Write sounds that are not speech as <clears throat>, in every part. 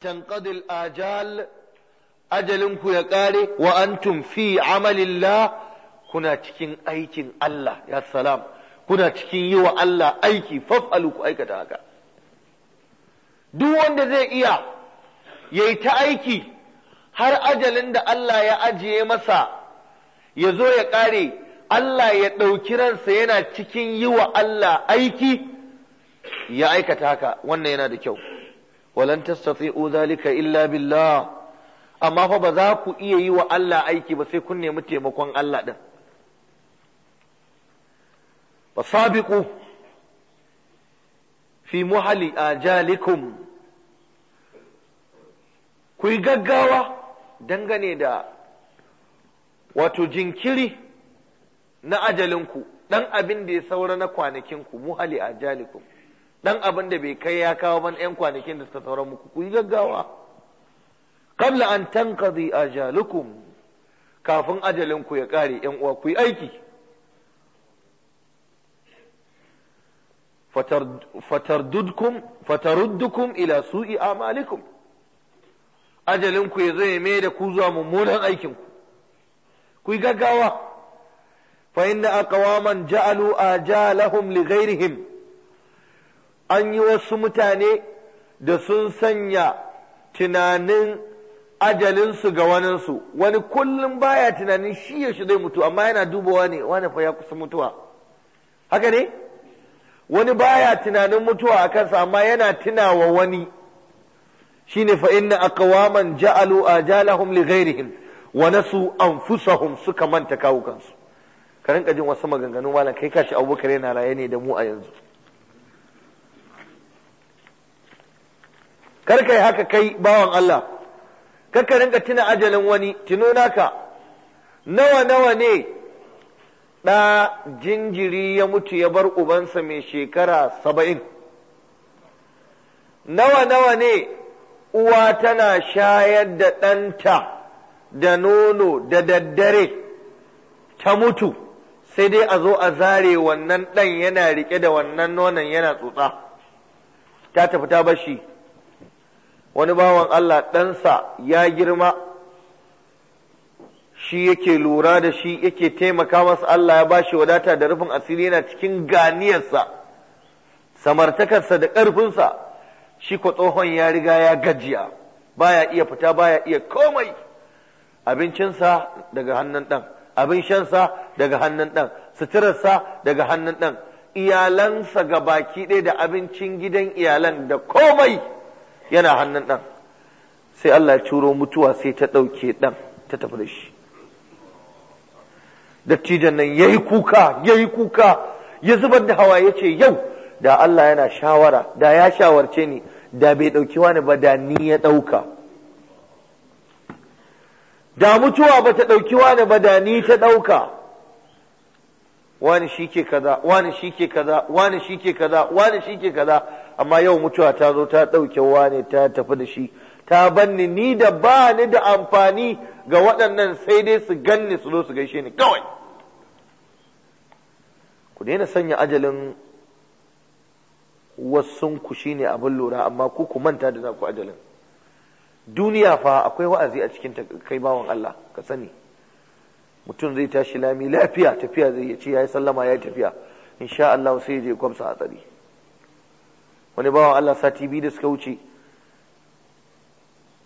تنقضي الآجال أجلنكو يقاري وأنتم في عمل الله كنا تكين أيكين الله يا سلام كنا تكين يو الله أيكي فافعلوا أيكا haka. duk wanda zai iya yayi ta aiki har ajalin da Allah ya ajiye masa ya zo ya ƙare Allah ya ɗauki ransa yana cikin yi wa Allah aiki ya aikata haka wannan yana da kyau walan tastati'u zalika illa billah amma fa ba za ku iya yi wa Allah aiki ba sai kun nemi taimakon Allah din fasabiqu fi muhali ajalikum ku gaggawa dangane da wato jinkiri na ajalinku ɗan abin da ya saura na kwanakinku muhali ajalikum dan abin da bai kai ya kawo man yan kwanakin da suka saura muku ku yi gaggawa qabla an tanqadi ajalukum kafin ajalin ku ya kare yan uwa ku yi aiki fatardudkum fataruddukum ila su'i amalikum ajalin ku ya zo ya mai da ku zuwa mummunan aikin ku ku yi gaggawa fa inna aqwaman ja'alu ajalahum li ghairihim an yi wasu mutane da sun sanya tunanin ajalinsu ga waninsu wani kullum baya tunanin shi zai mutu amma yana dubawa ne wani fa ya kusa mutuwa haka ne wani baya tunanin mutuwa a kansa amma yana tunawa wani shine fainna a kawaman ja'alu jalahun li ghairihim su an fusahun suka manta kawukansu. ka rinka jin wasu maganganu malam kai kashi abubakar yana raye ne da mu a yanzu kar yi haka kai bawan Allah kar ka rinka tuna ajalin wani tuno naka nawa nawa ne ɗa jinjiri ya mutu ya bar ubansa mai shekara saba'in nawa nawa ne uwa tana shayar da ɗanta da nono da daddare ta mutu sai dai a zo a zare wannan ɗan yana riƙe da wannan nonon yana tsotsa ta tafi ta bashi wani bawan Allah ɗansa ya girma shi yake lura da shi yake taimaka masa Allah ya ba shi wadata da rufin asiri yana cikin ganiyarsa samartakarsa da ƙarfinsa shi ko tsohon ya riga ya gajiya baya iya fita baya iya komai abincinsa daga hannun ɗan abin shansa daga hannun ɗan suturarsa daga hannun ɗan iyalansa ga baki ɗaya da abincin gidan iyalan da komai yana hannun ɗan sai Allah ya turo mutuwa sai ta ɗauke ɗan ta tafi da shi dattijan nan ya yi kuka ya yi kuka ya zubar da hawa ya ce yau da Allah yana shawara da ya shawarce ni da bai ɗauki wani ba da ni ya ɗauka da mutuwa ba ta ɗauki wani ba da ni ta ɗauka wani wani shi ke kaza wani shi ke kaza wani shi ke kaza amma yau mutuwa ta zo ta ɗauke wane ta tafi da shi ta banni ni da ba ni da amfani ga waɗannan sai dai su ganni su zo su gaishe ni kawai ku daina sanya ajalin wasu ku ne abin lura amma ku ku manta da naku ajalin duniya fa akwai wa'azi a cikin kai bawan Allah ka sani mutum zai tashi lami lafiya tafiya zai ce yayi sallama yayi tafiya insha Allah sai ya je kwamsa a tsari wani bawan Allah sati biyu da suka wuce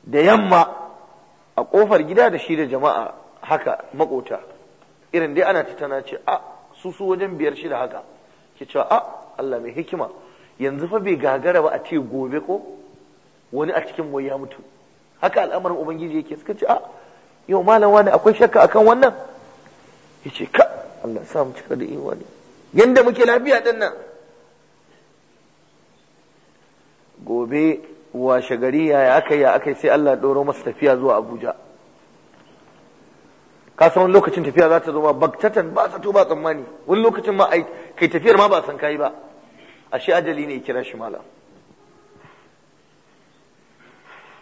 da yamma a kofar gida da shi da jama'a haka makota irin dai ana tana ce a su su wajen biyar shi da haka ke cewa a Allah mai hikima yanzu fa bai gagara ba a ce gobe ko wani a cikin ya mutu haka al'amarin ubangiji yake suka ce a yau malam wani akwai shakka akan wannan Ya ce ka Allah sa mu cika da imani yanda muke lafiya din nan gobe washe gari yaya aka yi aka yi sai Allah ɗoro masa tafiya zuwa Abuja ka san wani lokacin tafiya za ta zo ma baktatan ba zato ba tsammani wani lokacin ma kai tafiyar ma ba san kai ba ashe ajali ne kira shi malam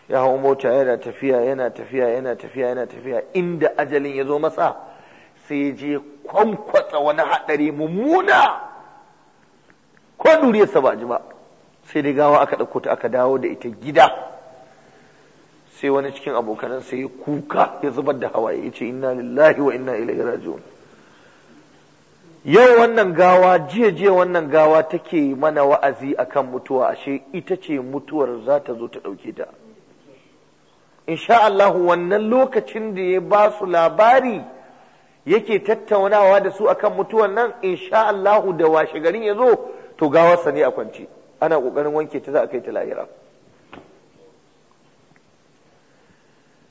ya hau mota yana tafiya yana tafiya yana tafiya yana tafiya inda ajalin ya zo masa sai ya je kwankwatsa wani haɗari mummuna ko duriyarsa ba ji ba sai da gawa aka ɗauko ta aka dawo da ita gida sai wani cikin abokanan sai ya kuka ya zubar da hawaye ya ce inna lillahi wa inna ilaihi raji'un yau wannan gawa jiya jiya wannan gawa take mana wa'azi akan mutuwa ashe ita ce mutuwar za ta zo ta ɗauke ta insha Allah wannan lokacin da ya ba su labari yake tattaunawa da su akan mutuwar nan insha Allah da washe garin ya zo to gawarsa ne a kwance ana ƙoƙarin wanke ta za a kai ta lahira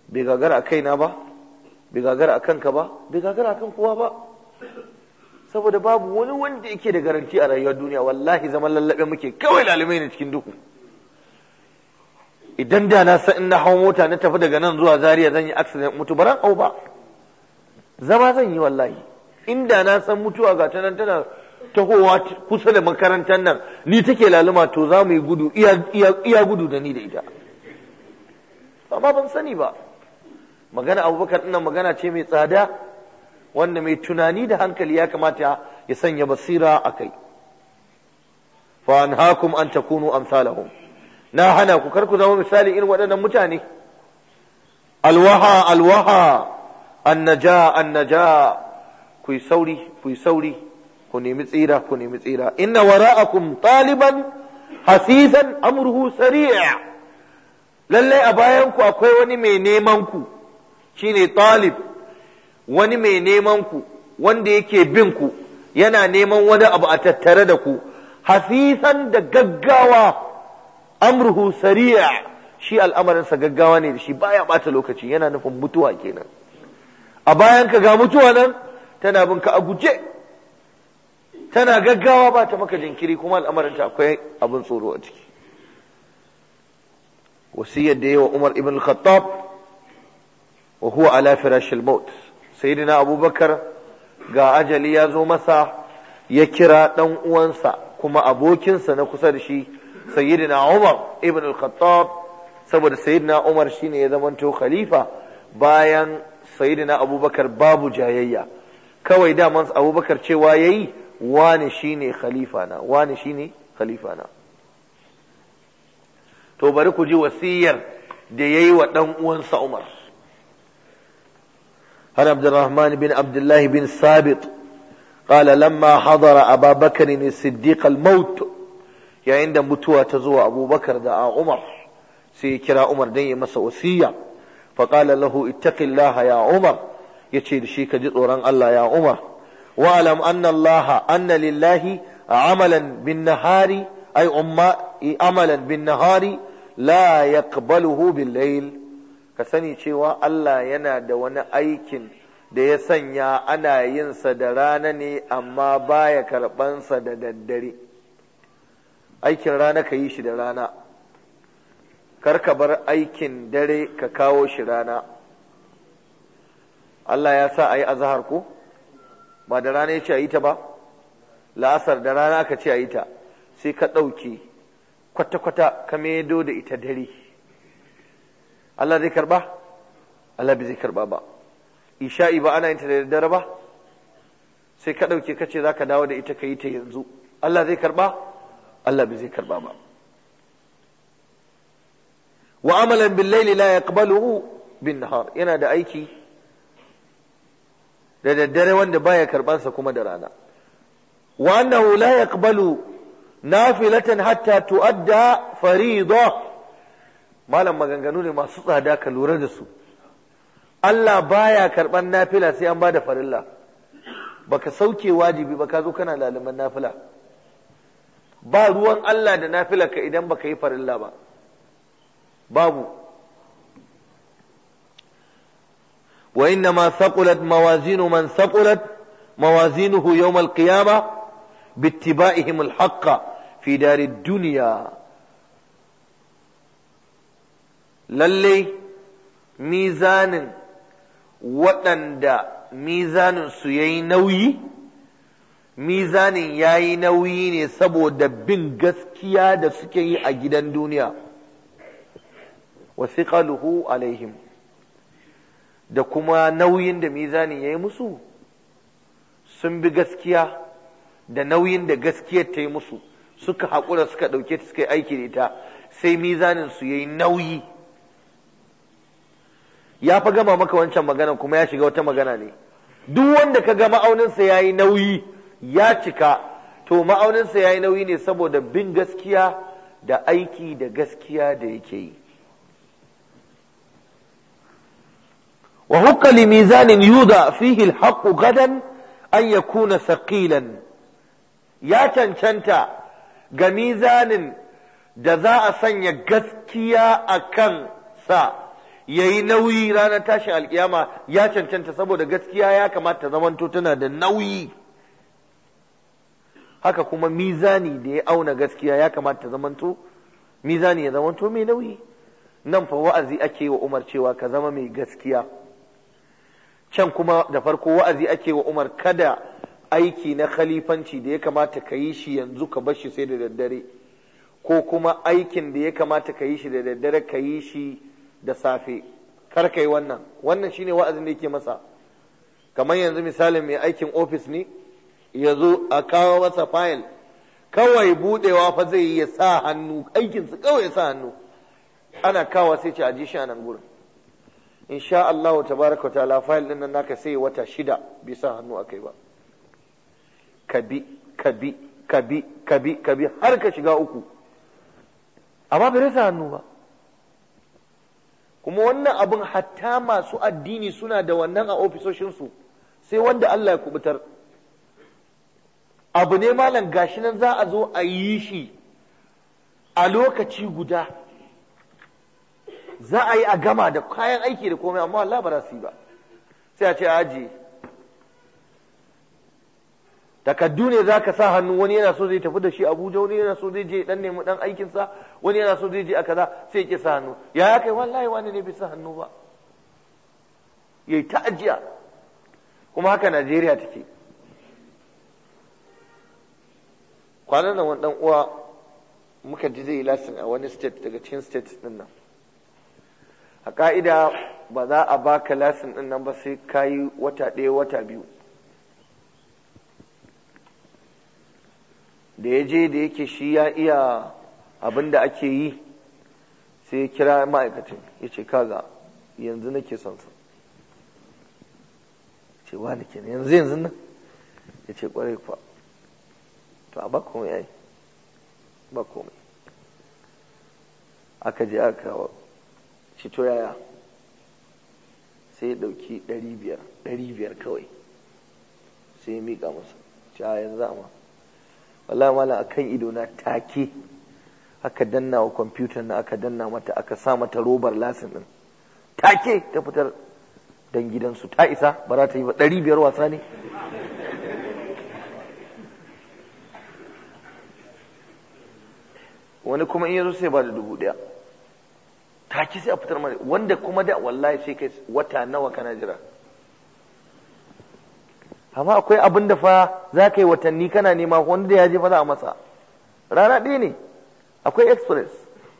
bai gagara a kaina ba bai gagara a kanka ba bai gagara a kan kowa ba saboda babu wani wanda yake da garanti a rayuwar duniya wallahi zaman lallabe muke kawai lalimai ne cikin duhu idan da na san na hau mota na tafi daga nan zuwa Zariya zan yi accident mutu ba ran au ba zama zan yi wallahi inda na san mutuwa ga tanan tana tahowa kusa da makarantar nan ni take laluma to za mu yi gudu iya gudu da ni da ita amma ban sani ba magana abubakar ɗinnan magana ce mai tsada wanda mai tunani da hankali ya kamata ya sanya basira a kai fa an hakum an ta takunu amsalahum na hana ku kar ku zama misali irin waɗannan mutane alwaha alwaha annaja annaja ku yi sauri ku yi sauri ku nemi tsira ku nemi tsira inna wara'akum taliban hasisan amruhu sari'a lallai a bayan ku akwai wani mai neman ku shine talib wani mai neman ku wanda yake bin ku yana neman wani abu a tattare da ku hasisan da gaggawa amruhu sari'a shi al'amarinsa gaggawa ne da shi baya bata lokaci yana nufin mutuwa kenan a bayan ka ga mutuwa nan tana bin ka a guje tana gaggawa ba ta maka jinkiri kuma al'amarinta akwai abin tsoro a ciki wasiyar da wa umar ibn khattab wa huwa ala firash al-maut sayyidina abubakar ga ajali ya zo masa ya kira dan uwansa kuma abokinsa na kusa da shi sayyidina umar ibn al-khattab saboda sayyidina umar shine ya zamanto khalifa bayan sayyidina abubakar babu jayayya kawai daman abubakar cewa yayi wani shine khalifa na wani shine khalifa na to bari ku ji wasiyar da yayi wa dan uwansa Umar har Abdurrahman bin Abdullah bin Sabit قال لما حضر أبا بكر الصديق da يا عند متوى تزوى أبو بكر دعا عمر سيكرا عمر دي مسا وسيا فقال له اتق الله يا عمر يتشير ji tsoron Allah ya Umar. واعلم أن الله أن لله عملا بالنهار أي عملا بالنهار لا يقبله بالليل كسني شوى ألا ينادى وانا أيكن da ya sanya ana yinsa da rana ne amma baya sa da daddare aikin rana ka yi shi da rana karka bar aikin dare ka kawo shi rana Allah ya sa a yi azahar ko? ba da rana ya ce a yi ta ba la'asar da rana ka ce a yi ta sai ka ɗauke kwata-kwata ka medo da ita dare Allah zai karba Allah bai zai karba ba isha'i ba ana yin ta da daddare ba sai ka ɗauke ka ce za ka dawo da ita ka yi ta yanzu Allah zai karba Allah bai zai karba ba wa amalan bin laili la yaqbaluhu bin nahar yana da aiki da daddare wanda baya sa kuma da rana wa annahu la yaqbalu nafilatan hatta tuadda farida malam maganganu ne masu tsada ka lura da su Allah baya karban nafila sai an bada farilla baka sauke wajibi ba ka zo kana lalaman nafila ba ruwan Allah da ka idan baka yi farilla ba babu وإنما ثقلت موازين من ثقلت موازينه يوم القيامة باتباعهم الحق في دار الدنيا للي ميزان وطن mizanin su yayi nauyi mizanin yayi nauyi ne saboda bin gaskiya da suke yi a gidan duniya wasiqaluhu alaihim da kuma nauyin da mizani ya yi musu sun bi gaskiya da nauyin da gaskiyar ta yi musu suka haƙura suka ɗauke ta suka aiki da ita sai mizanin su ya yi nauyi ya fa gama maka wancan magana kuma ya shiga wata magana ne duk wanda ka ga ma'auninsa ya yi nauyi ya cika to ma'auninsa ya yi nauyi ne saboda bin gaskiya da aiki da gaskiya da yake yi Wa mizanin yuda وهك لميزان يوضع فيه الحق غدا أن يكون ثقيلا يا تنشنتا a جزاء gaskiya جسكيا أكن سا yayi nauyi ranar tashin alkiyama ya cancanta saboda gaskiya ya kamata zamanto tana da nauyi haka kuma mizani da ya auna gaskiya ya kamata ta zamanto mizani ya zamanto mai nauyi nan fa wa'azi ake wa umar cewa ka zama mai gaskiya can kuma da farko wa'azi ake wa Umar kada aiki na khalifanci da ya kamata ka yi shi yanzu ka bar shi sai da daddare ko kuma aikin da ya kamata ka yi shi da daddare ka yi shi da safe kar ka yi wannan wannan shine wa'azin da yake masa kamar yanzu misalin mai aikin ofis ne ya zo a kawo masa fayil kawai budewa fa zai yi ya sa hannu aikinsa kawai ya sa hannu ana kawo sai ce a ji shi a nan gurin in sha Allah tabaraka ta fayil din nan naka sai wata shida bai sa hannu akai ba kabi kabi kabi kabi kabi har ka shiga uku amma bai sa hannu ba kuma wannan abin hatta masu addini suna da wannan a ofisoshinsu sai wanda Allah ya kubutar abu ne malam gashi nan za a zo a yi shi a lokaci guda za a yi a gama da kayan aiki da komai amma Allah ba za su yi ba sai a ce aji takaddu ne za ka sa hannu wani yana so zai tafi da shi Abuja wani yana so zai je dan nemi dan aikin sa wani yana so zai je a kaza sai ya sa hannu ya ya kai wallahi wani ne bai sa hannu ba yayi ta ajiya kuma haka Najeriya take kwanan nan wani dan uwa muka ji zai lasin a wani state daga cikin state din nan a ka'ida ba za a ba ka lasin ɗin nan ba sai ka yi wata ɗaya wata biyu da ya je da yake shi ya iya abin da ake yi sai ya kira ma'aikacin ya ce kaga yanzu nake son sa ce wa nake yanzu yanzu nan ya ce kwarai kuwa to a ba komai yi ba komai aka je aka kawo ce yaya sai ya ɗauki ɗari biyar ɗari biyar kawai sai ya miƙa masa ce yanzu amma wallahi malam akan ido na take aka danna wa kwamfutar na aka danna mata aka sa mata robar lasin ɗin take ta fitar dan gidansu ta isa ba za ta yi ba ɗari biyar wasa ne wani kuma in yazo sai ba da dubu ɗaya take sai a fitar mana wanda kuma da wallahi sai kai wata nawa kana jira amma akwai abin da fa za ka yi watanni kana nema wanda ya je fa za a masa rana ɗaya ne akwai express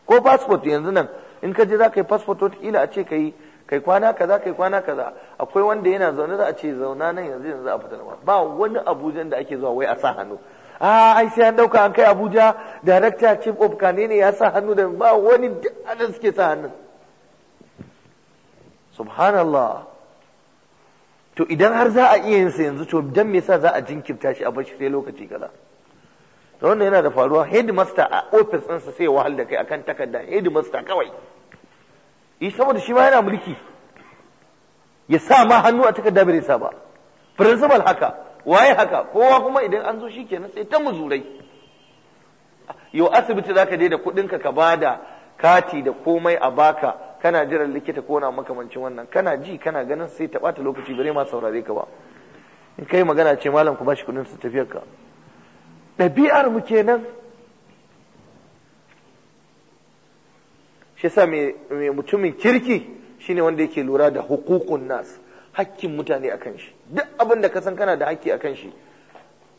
ko passport yanzu nan in ka je za ka yi passport wataƙila a ce ka yi kai kwana kaza kai kwana kaza akwai wanda yana zaune za a ce zauna nan yanzu yanzu a fitar ba wani abujan da ake zuwa wai a sa hannu a ah, ai sai an dauka an kai abuja director chief of kane ne ya sa hannu da ba wani da suke sa hannun subhanallah to idan har za a iya yin sa yanzu to dan me yasa za a jinkirta shi a bar shi sai lokaci kaza to wannan yana da faruwa headmaster a office ɗinsa sai wahal da kai akan takarda headmaster kawai yi eh, saboda shi ma yana mulki ya sa ma hannu a takarda bai sa ba principal haka waye haka kowa kuma idan an zo shikenan sai ta muzurai yo asibiti zaka je da kuɗinka ka bada kati da komai a baka kana jiran likita ko na makamancin wannan kana ji kana ganin sai ta bata lokaci bare ma saurare ka ba in kai magana ce malam ku bashi kuɗin su tafiyar ka dabi'ar mu kenan shi yasa mai mutumin kirki shine wanda yake lura da hukukun nas hakkin mutane akan shi duk abin da ka san kana da hakki kan shi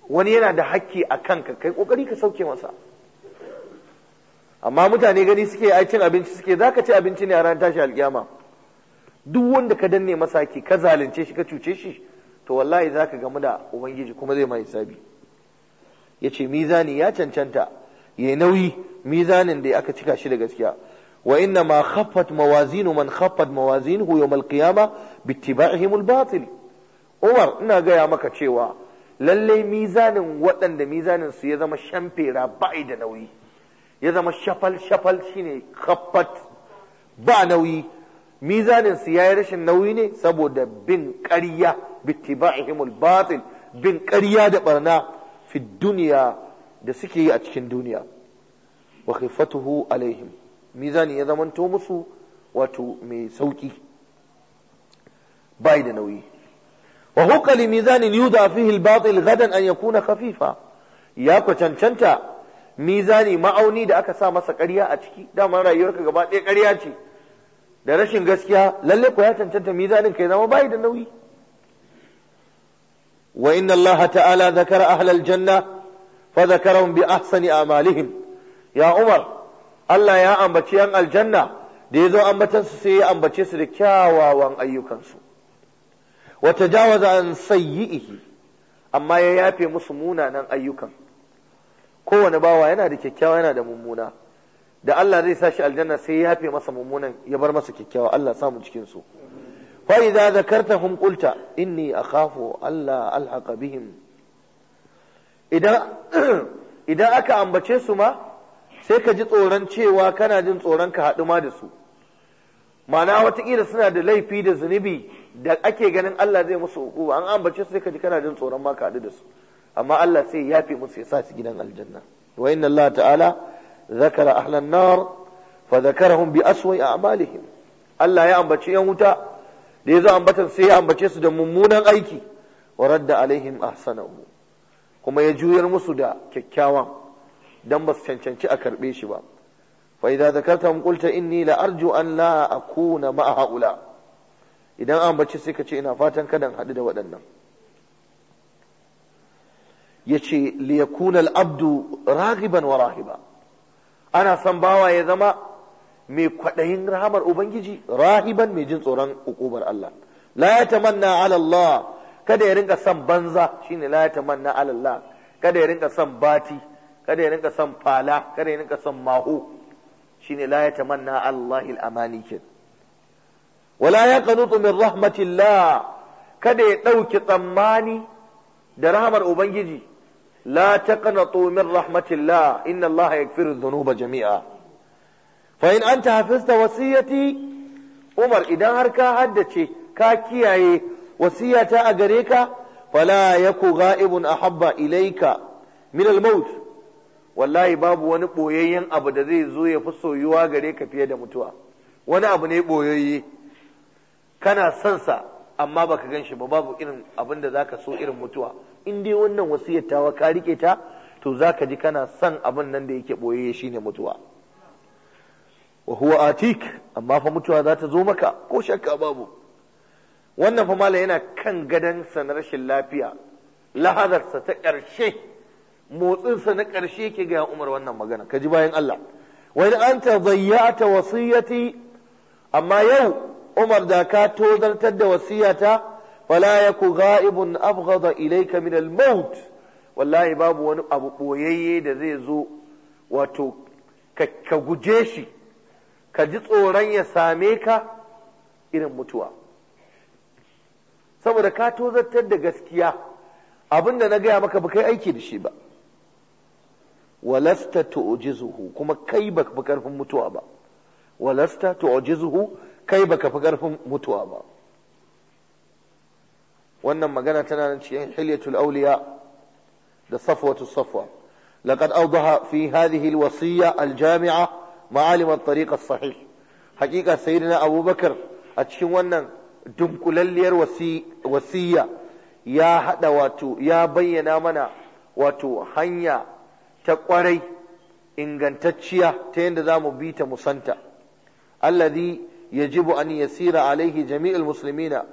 wani yana da hakki a kanka kai kokari ka sauke masa amma mutane gani suke ai cin abinci suke zaka ci abinci ne a ranar tashi alkiyama duk wanda ka danne masa ki ka zalunce shi ka cuce shi to wallahi zaka gamu da ubangiji kuma zai mai hisabi ce mizani ya cancanta yayi nauyi mizanin da aka cika shi da gaskiya wa inna ma khaffat mawazinu man khaffat mawazinu yawm al-qiyamah bi ittiba'ihim al-batil Umar ina gaya maka cewa lalle mizanin waɗanda mizanin su ya zama shamfera ba'i da nauyi ya zama shafal shafal shine kaffat ba nauyi mizanin su yayi rashin nauyi ne saboda bin ƙarya bittiba'ihimul batil bin ƙarya da barna fi duniya da suke yi a cikin duniya wa khifatuhu alaihim mizani ya zamanto musu wato mai sauki bai da nauyi وهو لميزان يوضع فيه الباطل غدا أن يكون خفيفا يا كوشنشنتا Mizani ma'auni da aka sa masa karya a ciki dama rayuwarka gaba ɗaya karya ce da rashin gaskiya lalle ko ya cancanta Mizani kai zama bai da nauyi wa inna allaha ta'ala zakara ahlal janna fa zakarahum bi ahsani amalihim ya umar Allah ya ambaci yan aljanna da ya zo su sai ya ambace su da kyawawan ayyukansu wa tajawaza an sayyi'ihi amma ya yafe musu munanan ayyukan kowane bawa yana da kyakkyawa yana da mummuna da Allah zai sashi shi aljanna sai ya yafe masa mummunan ya bar masa kyakkyawa Allah samu cikin su fa idza zakartahum qulta inni akhafu Allah alhaqa bihim idan <clears throat> idan aka ambace su ma sai ka ji tsoron cewa kana jin tsoron ka haɗu ma da su ma'ana watakila suna da laifi da zunubi da ake ganin Allah zai musu hukuma an ambace su sai ka ji kana jin tsoron ma ka haɗu da su amma Allah sai ya yafe musu ya sa su gidan aljanna wa inna Allah ta'ala zakara ahlan nar fa zakarahum bi aswa'i a'malihim Allah ya ambace yan wuta da ya zo ambatan sai ya ambace su da mummunan aiki wa radda alaihim ahsanahu kuma ya juyar musu da kyakkyawan dan ba su cancanci a karbe shi ba fa idza zakartahum qulta inni la arju an la akuna ma'a haula idan an bace sai ka ce ina fatan kadan haɗu da waɗannan yace ce al-abdu ragiban wa rahiba ana son bawa ya zama mai kwaɗayin rahamar ubangiji rahiban mai jin tsoron ukubar Allah la yatamanna ala Allah kada ya rinka son banza shine la yatamanna ala Allah kada ya rinka son bati kada ya rinka son fala kada ya rinka son maho shine la yatamanna ala Allah al kenan wala ya qanutu min rahmatillah kada ya ɗauki tsammani da rahmar ubangiji la taqnatu min rahmatillah inna allaha yaghfiru dhunuba jami'a fa in anta hafizta wasiyati umar idan har ka haddace ka kiyaye wasiyata a gare ka fala yaku ghaibun ahabba ilaika min al-maut wallahi babu wani ɓoyayyen abu da zai zo ya fi soyuwa gare ka fiye da mutuwa wani abu ne ɓoyayye. kana son sa amma baka gan shi ba babu irin abin da zaka so irin mutuwa in dai wannan wasiyar tawa ka rike ta to zaka ji kana son abin nan da yake boye shine mutuwa wa huwa atik amma fa mutuwa za ta zo maka ko shakka babu wannan fa mala yana kan gadon sa na rashin lafiya lahadarsa ta ƙarshe motsinsa na ƙarshe ke ga Umar wannan magana ka ji bayan Allah wani an ta zayyata wasiyati amma yau umar da ka tozartar da wasiyata fala yaku ghaibun abghada ilayka min al-maut wallahi babu wani abu boyayye da zai zo wato ka guje shi ka ji tsoron ya same ka irin mutuwa saboda ka tozartar da gaskiya abin da na gaya maka ba kai aiki da shi ba walasta tu'jizuhu kuma kai ba karfin mutuwa ba walasta tu'jizuhu kai baka fi ƙarfin mutuwa ba wannan magana tana nan cikin hilyatul auliya da safwatu safwa laqad awdaha fi hadhihi alwasiyya aljami'a ma'alim at-tariq as-sahih haqiqa sayyidina abubakar a cikin wannan dunkulalliyar wasiyya ya hada wato ya bayyana mana wato hanya ta kwarai ingantacciya ta yadda za mu bi ta musanta alladhi yajibu an yasira alaihi jami'ul musulmina,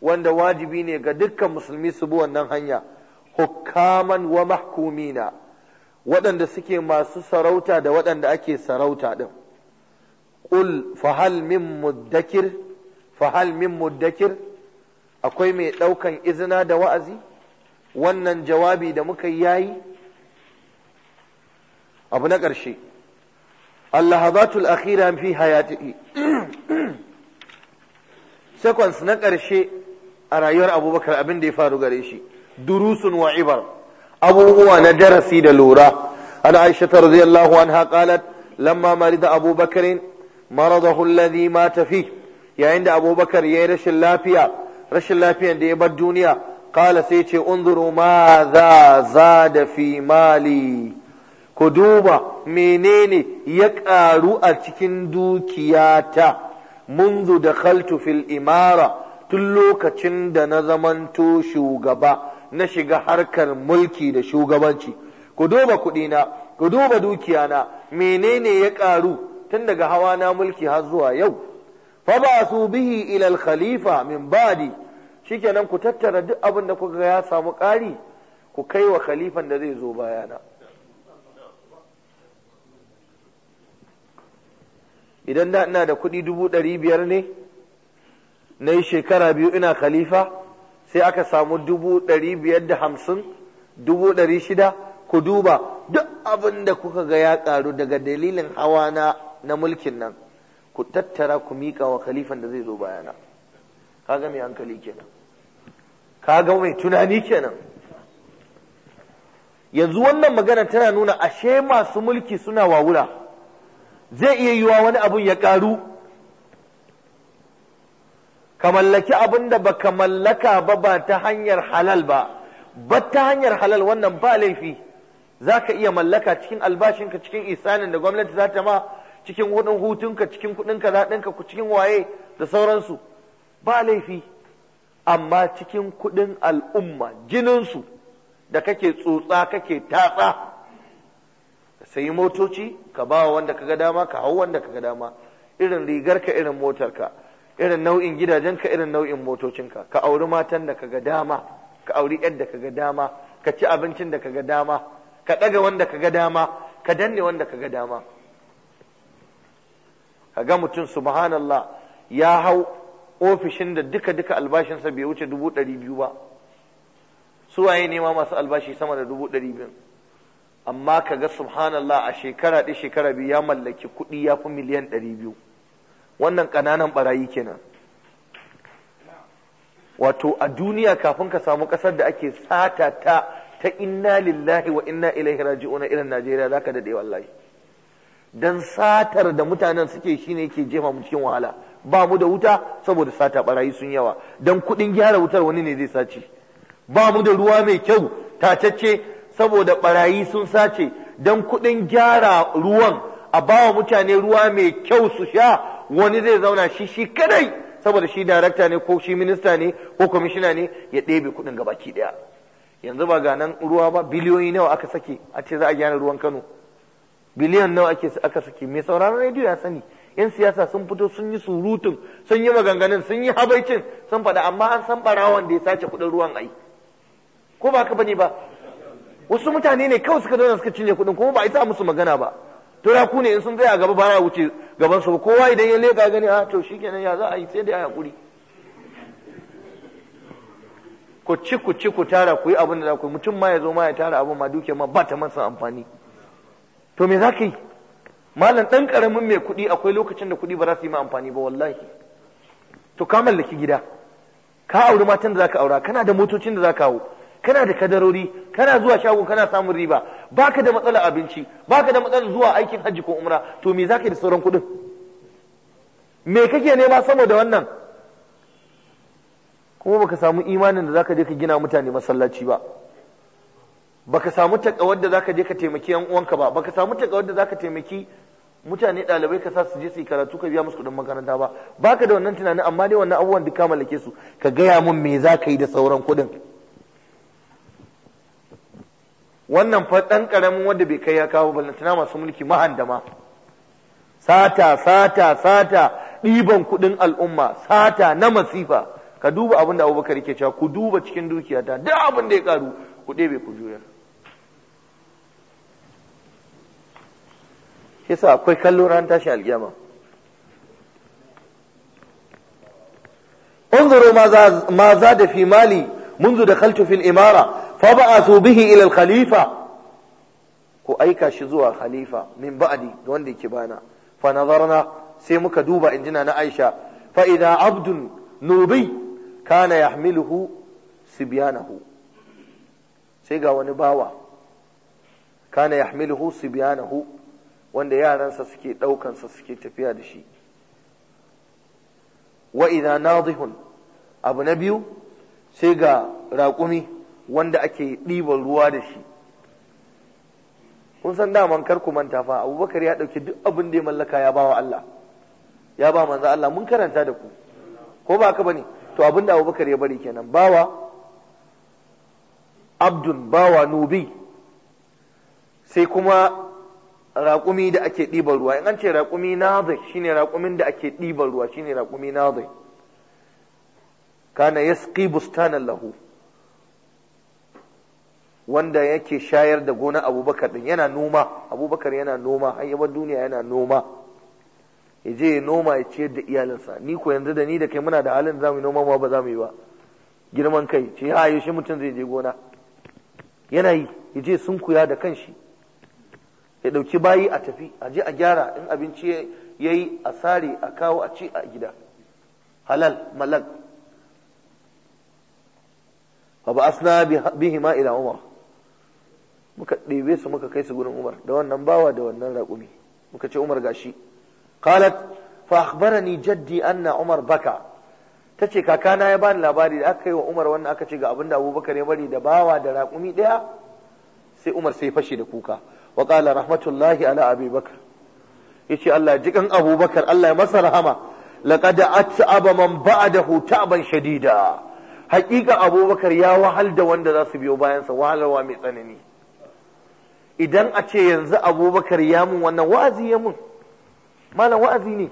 wanda wajibi ne ga dukkan musulmi su bi wannan hanya hukaman wa mahkumina waɗanda suke masu sarauta da waɗanda ake sarauta ɗin ƙul fahal min muddakir fahal muddakir akwai mai ɗaukan izina da wa'azi wannan jawabi da muka yi yayi abu na ƙarshe allahabatul akhira fi hayatihi seconds na ƙarshe a rayuwar abubakar abin da ya faru gare shi durusun wa ibar abubuwa na darasi da lura an aisha ta radiyallahu anha qalat lamma marida abubakar maradahu alladhi mata fi yayin da abubakar yayi rashin lafiya rashin lafiyan da ya bar duniya qala sai ce unzuru ma za zada fi mali ku duba menene ya karu a cikin dukiyata Munzu da kaltufin imara tun lokacin da na zamanto shugaba na shiga harkar mulki da shugabanci. Ku duba na menene ya ƙaru? Tun daga hawa na mulki har zuwa yau. Fa ba su bihi ilil Khalifa, min ba shikenan ku tattara duk abin da kuka ga ya samu ƙari? Ku kaiwa Khalifan da zai zo bayana. idan da ina da kuɗi dubu ɗari biyar ne na yi shekara biyu ina khalifa sai aka samu dubu ɗari biyar da hamsin dubu ɗari shida ku duba duk abin da kuka ga ya ƙaru daga dalilin hawa na mulkin nan ku tattara ku miƙa wa khalifan da zai zo bayana kaga mai hankali kenan kaga mai tunani kenan yanzu wannan magana tana nuna ashe masu mulki suna wawura zai iya yiwa wani abun ya ƙaru ka mallaki abun da baka mallaka ba ba ta hanyar halal ba ba ta hanyar halal wannan ba laifi za ka iya mallaka cikin albashinka cikin isanin da gwamnati za ta ma cikin hudun hutunka cikin kudin ku cikin waye da sauransu ba laifi amma cikin kudin al'umma jininsu da kake tsotsa kake tatsa sai sayi motoci ka ba wanda kaga dama ka hau wanda kaga dama irin rigarka irin motarka irin nau'in ka irin nau'in motocinka ka auri matan da kaga dama ka auri yar da kaga dama ka ci abincin da ka ga dama ka daga wanda ka ga dama ka danne wanda kaga dama Ka ga mutum subhanallah ya hau ofishin da duka duka albashinsa bai wuce dubu ɗari biyu ba su waye ne ma masu albashi sama da dubu ɗari biyu amma ka ga subhanallah a shekara ɗaya shekara biyu ya mallaki kuɗi ya fi miliyan ɗari biyu wannan ƙananan ɓarayi kenan wato a duniya kafin ka samu ƙasar da ake sata ta ta inna lillahi wa inna ilaihi raji'una irin najeriya za ka daɗe wallahi don satar da mutanen suke shine ke jefa mu cikin wahala ba mu da wuta saboda sata barayi sun yawa don kuɗin gyara wutar wani ne zai sace ba mu da ruwa mai kyau tacace. saboda barayi sun sace don kuɗin gyara ruwan a bawa mutane ruwa mai kyau su sha wani zai zauna shi shi kadai saboda shi darakta ne ko shi minista ne ko kwamishina ne ya ɗebe kuɗin gabaki ɗaya yanzu ba ga nan ruwa ba biliyoyi nawa aka sake a ce za a gyara ruwan kano biliyan nawa ake aka sake mai sauraron rediyo ya sani yan siyasa sun fito sun yi surutun sun yi maganganun sun yi habaicin sun faɗa amma an san barawon da ya sace kuɗin ruwan ai ko ba ka bane ba wasu mutane ne kawai suka zauna suka cinye kuɗin kuma ba a isa musu magana ba To ku ne in sun tsaya gaba ba na wuce gaban su kowa idan ya leka gani a ah, to shikenan ya za a yi sai dai a kuri ku ci ku ci ku tara ku yi abin da za ku yi mutum ma ya zo ma ya tara abin ma duke ma ba ta masa amfani to me za ka yi malam ɗan ƙaramin mai kuɗi akwai lokacin da kuɗi ba za su yi ma amfani ba wallahi to ka mallaki gida ka auri matan da za ka aura kana da motocin da za ka hau kana da kadarori kana zuwa shago kana samun riba baka da matsalar abinci baka da matsalar zuwa aikin hajji ko umra to me zaka yi da sauran kuɗin me kake nema sama da wannan kuma baka samu imanin da zaka je ka gina mutane masallaci ba baka samu takawar da zaka je ka taimaki yan uwanka ba baka samu takawar da zaka taimaki mutane dalibai ka sa su je su yi karatu ka biya musu kuɗin makaranta ba baka da wannan tunanin amma dai wannan abubuwan duk ka mallake su ka gaya mun me zaka yi da sauran kuɗin wannan fa ɗan ƙaramin wanda bai kai ya kawo ballantana masu mulki mahandama sata sata sata ɗiban kuɗin al'umma sata na masifa ka duba abin da abubakar ke cewa ku duba cikin dukiyata duk abin da ya ƙaru ku ɗebe ku juyar kisa akwai kallo ran tashi alƙiyama انظروا ماذا ماذا في مالي منذ دخلت في الإمارة fa ba'athu bihi ila khalifa ku aika shi zuwa khalifa min ba'di da wanda yake bana fa nazarna sai muka duba injina na Aisha fa idza abdun nubi kana yahmiluhu sibyanahu sai ga wani bawa kana yahmiluhu sibyanahu wanda yaransa suke ɗaukansa suke tafiya da shi wa idza nadihun abu na biyu sai ga raƙumi wanda ake ɗiban ruwa da shi kun san daman kar ku manta fa abubakar ya ɗauki duk abin da ya mallaka ya bawa Allah ya ba manzo Allah mun karanta da ku ko ba haka bane to abin da abubakar ya bari kenan bawa abdun bawa nubi sai kuma raƙumi da ake ɗiban ruwa in an ce raƙumi nazir shine raƙumin da ake ɗiban ruwa shine raƙumi nazir kana yasqi bustanan lahu wanda yake shayar da gona abubakar din yana noma abubakar yana noma hayyabar duniya yana noma ya je ya noma ya ciyar da iyalinsa ni ko yanzu da ni da kai muna da halin za mu noma ma ba za mu yi ba girman kai ce ha yaushe mutum zai je gona yana yi ya je sunkuya da kanshi ya dauki bayi a tafi a je a gyara in abinci ya yi a sare a kawo a ci a gida halal malak fa ba asna bihima ila umar muka ɗebe su muka kai su gurin Umar da wannan bawa da wannan raƙumi muka ce Umar gashi qalat fa akhbarani jaddi anna Umar baka tace kakana ya bani labari da aka yi wa Umar wannan aka ce ga abinda Abubakar ya bari da bawa da raƙumi ɗaya sai Umar sai fashe da kuka wa qala rahmatullahi ala Abi Ya yace Allah jikan Abubakar Allah ya masa rahama laqad at'aba man ba'dahu ta'ban shadida haƙiƙa Abubakar ya wahal da wanda za su biyo bayansa wahalarwa mai tsanani idan a ce yanzu abubakar ya mun wannan wa'azi ya mun malam wa'azi ne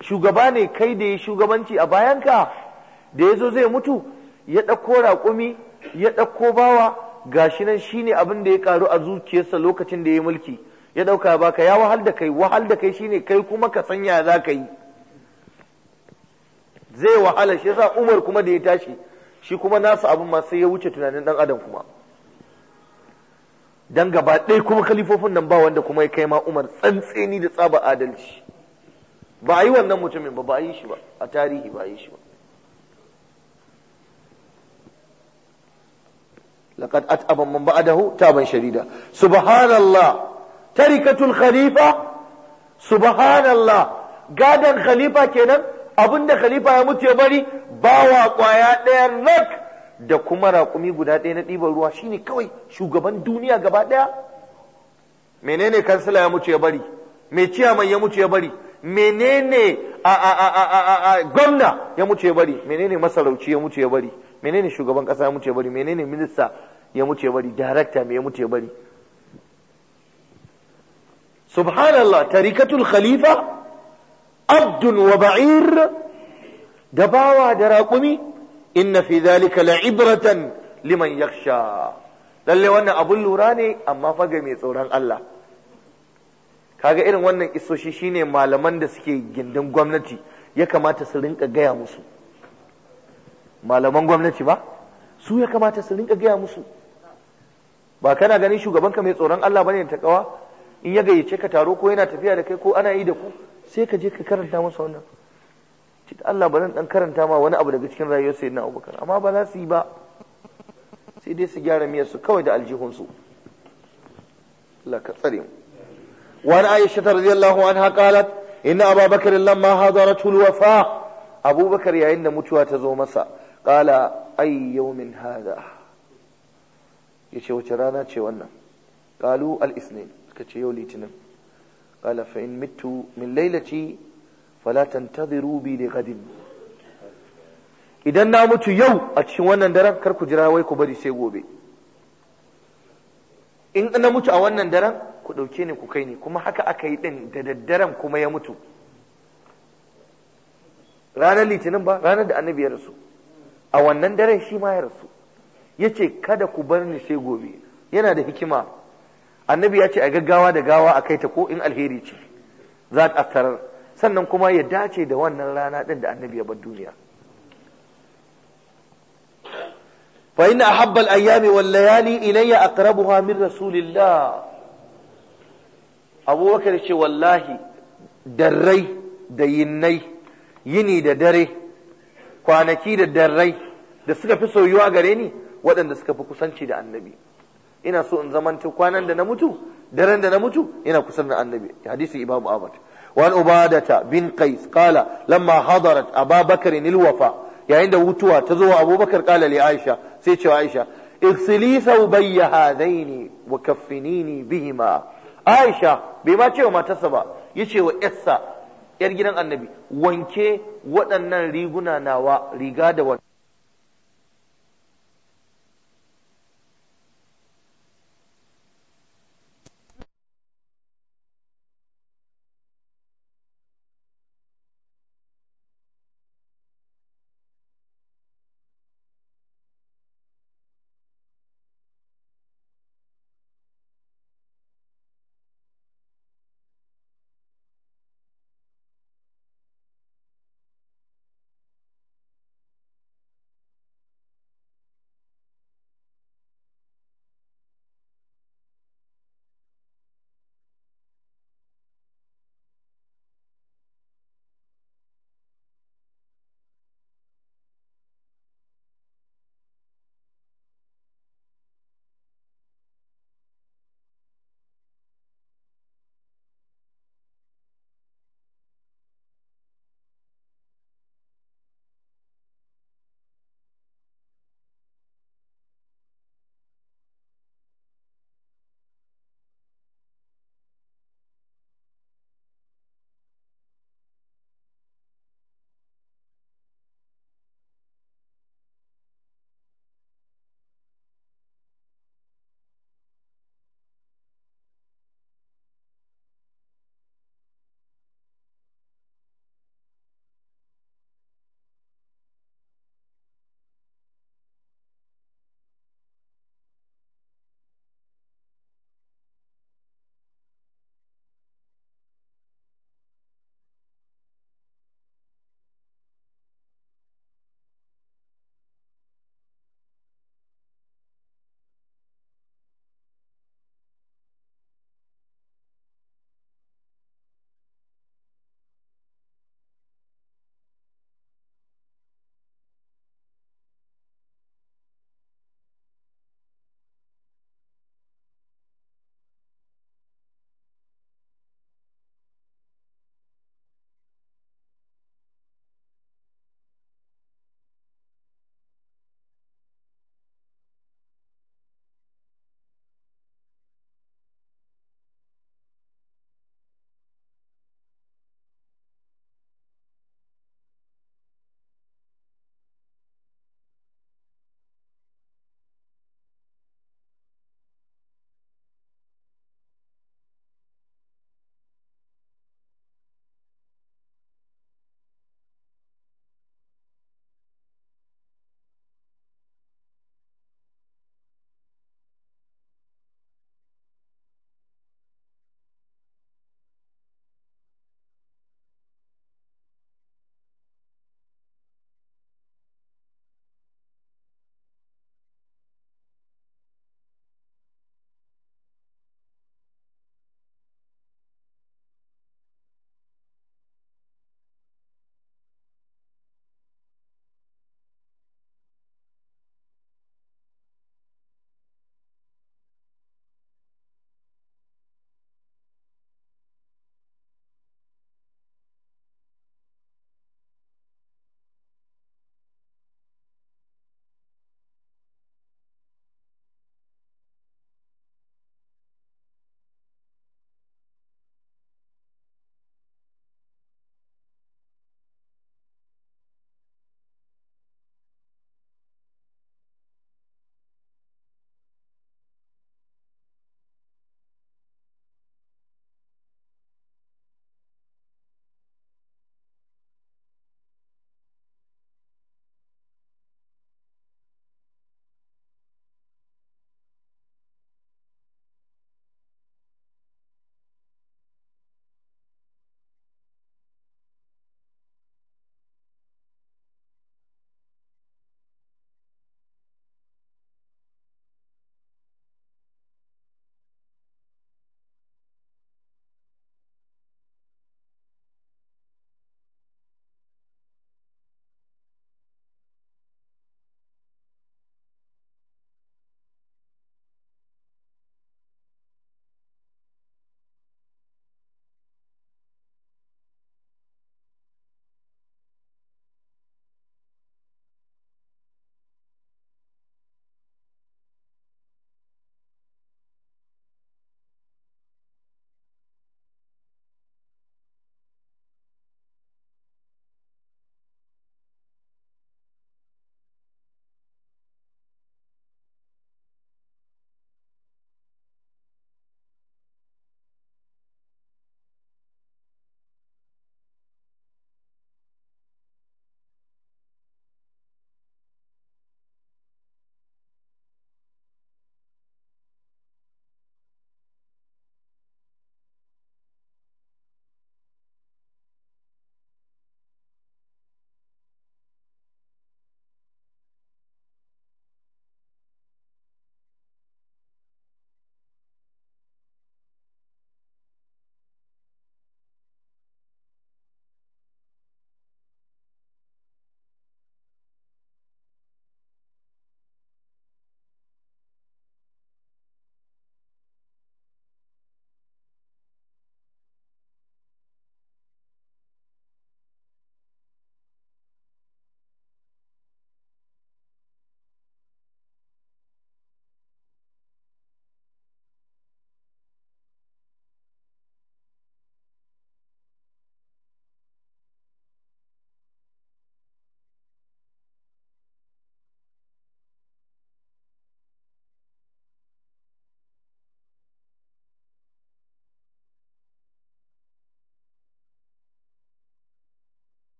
shugaba ne kai da ya shugabanci a bayan ka da ya zo zai mutu ya ɗauko raƙumi ya ɗauko bawa gashi nan shine abin da ya karu a zuciyarsa lokacin da ya mulki ya ɗauka baka ya wahal da kai wahal da kai shine kai kuma ka sanya za ka yi zai wahala shi yasa umar kuma da ya tashi shi kuma nasu abin ma sai ya wuce tunanin ɗan adam kuma don gaba ɗaya kuma khalifofin nan ba wanda kuma ya kai ma umar tsantseni da tsaba adalci ba a yi wannan mutumin ba ba a yi shi ba a tarihi ba a yi shi ba laqad at'aba man ta ban sharida subhanallah tarikatul khalifa subhanallah Gadon khalifa kenan abinda khalifa ya mutu ya bari ba wa kwaya ɗaya rak da kuma raƙumi guda ɗaya na ɗiban ruwa shine kawai shugaban duniya gaba ɗaya menene kansila ya mutu ya bari me ciyaman ya mutu ya bari menene a a a a a gwamna ya mutu ya bari menene masarauci ya mutu ya bari menene shugaban ƙasa ya mutu ya bari menene minista ya mutu ya bari darakta me ya mutu ya bari subhanallah tarikatul khalifa abdun wa ba'ir da bawa da raƙumi inna في ذلك la'ibratan liman يخشى lalle wannan abun lura ne amma faga mai tsoron Allah kaga irin wannan isoshi shine malaman da suke gindin gwamnati ya kamata su rinka gaya musu malaman gwamnati ba su ya kamata su rinka gaya musu ba kana ganin shugaban ka mai tsoron Allah bane ta kawa in ya gayyace ka taro ko yana tafiya da kai ko ana yi da ku sai ka je ka karanta masa wannan ci Allah bari dan karanta ma wani abu daga cikin rayuwar sayyidina Abubakar amma ba za su yi ba sai dai su gyara miyar su kawai da aljihun su Allah ka tsare mu wa an Aisha radiyallahu anha qalat inna Abu Bakar lamma hadaratu al-wafa Abu Bakar yayin da mutuwa ta zo masa qala ay yawmin hadha yace wace rana ce wannan qalu al-ithnin ce yau litinin qala fa in mitu min lailati fala tantadhiru bi li idan na mutu yau a cikin wannan daren kar ku jira wai ku bari sai gobe in na mutu a wannan daren ku ɗauke ni ku kai ni kuma haka aka yi ɗin da daddaren kuma ya mutu ranar litinin ba ranar da annabi ya rasu a wannan daren shi ma ya rasu ya ce kada ku bar ni sai gobe yana da hikima annabi ya ce a gaggawa da gawa a kai ta ko in alheri ce za a tarar sannan kuma ya dace da wannan rana ɗin da annabi ya bar duniya fa inna ahabbal ayyami wal layali ilayya aqrabuha min rasulillah abubakar ce wallahi darrai da yinnai yini da dare kwanaki da darrai da suka fi soyuwa gare ni waɗanda suka fi kusanci da annabi ina so in zamanta kwanan da na mutu daren da na mutu ina kusan da annabi hadisi imamu ahmad وعن عبادة بن قيس قال لما حضرت أبا بكر الوفاء يعني عند وتوى تزوى أبو بكر قال لعائشة سيتشو عائشة اغسلي ثوبي هذين وكفنيني بهما عائشة بما تشو ما تسبى يشو إسا يرجنا النبي وانكي وأن ريقنا نوا ريقا